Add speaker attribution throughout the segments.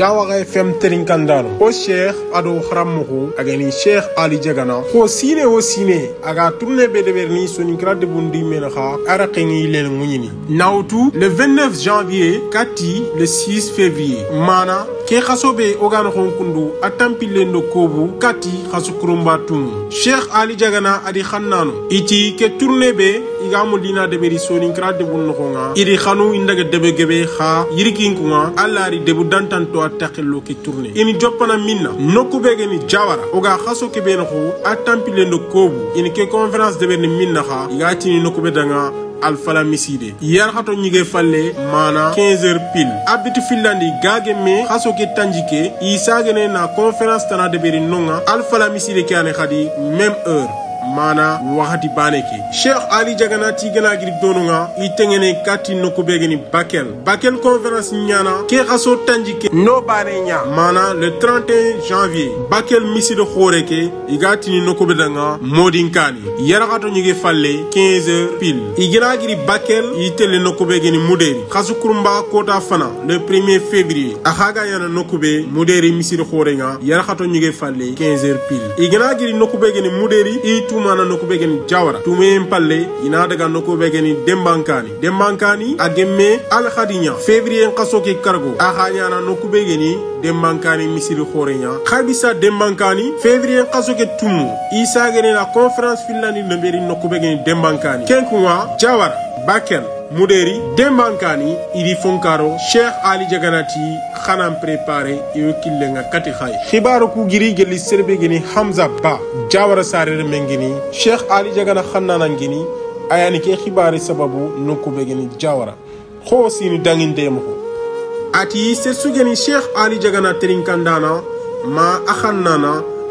Speaker 1: jawaxa fm telinkandano ko cheikh ado xaranmoxu agani cheikh ali jagana ko sine o sine aga tourne be deɓerni grade debundi mena xa ara xengi lelenŋuñini nawtu le 29 janvier kati le 6 février mana ke xasobe o gana kundu a tampillen do kobu kati xasu kurumba tun cheikh ali jagana adi xannano iti ke tourne be i ga mo lina deberi soninkira debun noxonga iri xanu i ndaga debe gebe xa yirikinkunga a laari debu dantanto a taxillo ke tourne ini joppana min na nokku be geni jawara o ga xaso kebe be noxu a tampillen do kobu ini e ke conférence deber ni xa naxa i ga e tini nokkube be danga Alpha missile. ñi ngay a mana 15 h pile abiti finlandi gage me xaso ke tanjike isagene na conférence tana beri nonga Alpha lamiside ane hadi même heure mana wagati bane cheikh ali jagana tigana girib donunga itengene kati geni bakel bakel conférence ñana ke xaso tanji ke no bane ña mana le 31 janvier bakel miside xore ke igatini nokubedanga modinkani yaraxato ñige falle 15h pile gana giri bakel itele nokubegeni muderi xasu kurumba kota fana le 1er février axaga yana nokube muderi miside xore nga yaraxato ñige falle 15h pile gana giri nokubegeni muderi i tumana begeni jawara tumeyen palle ina daga begeni dembankani dembankani a khadinya fevrier en kaso ke kargo a haɲana begeni dembankani misiri khorenya khabisa dembankani en kaso ke tumu isagenena conférence finlandi nomberi begeni dembankani kenkuwa jawara bakel muderi dembankani idi fonkaro cheikh ali jaganati xanan préparé iwe killenga kati xay xibaro ku giri gelli serbe gini hamza ba jawara sarer mengini cheikh ali jagana xannanan gini ayani ke xibari sababu nokube gini jawara xo sini dangindemoxo ati sugeni cheikh ali jagana terinkandana ma a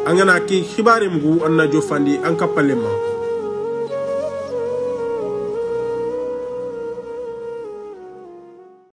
Speaker 1: angana a ke xibare mugu anna jofandi an kappalema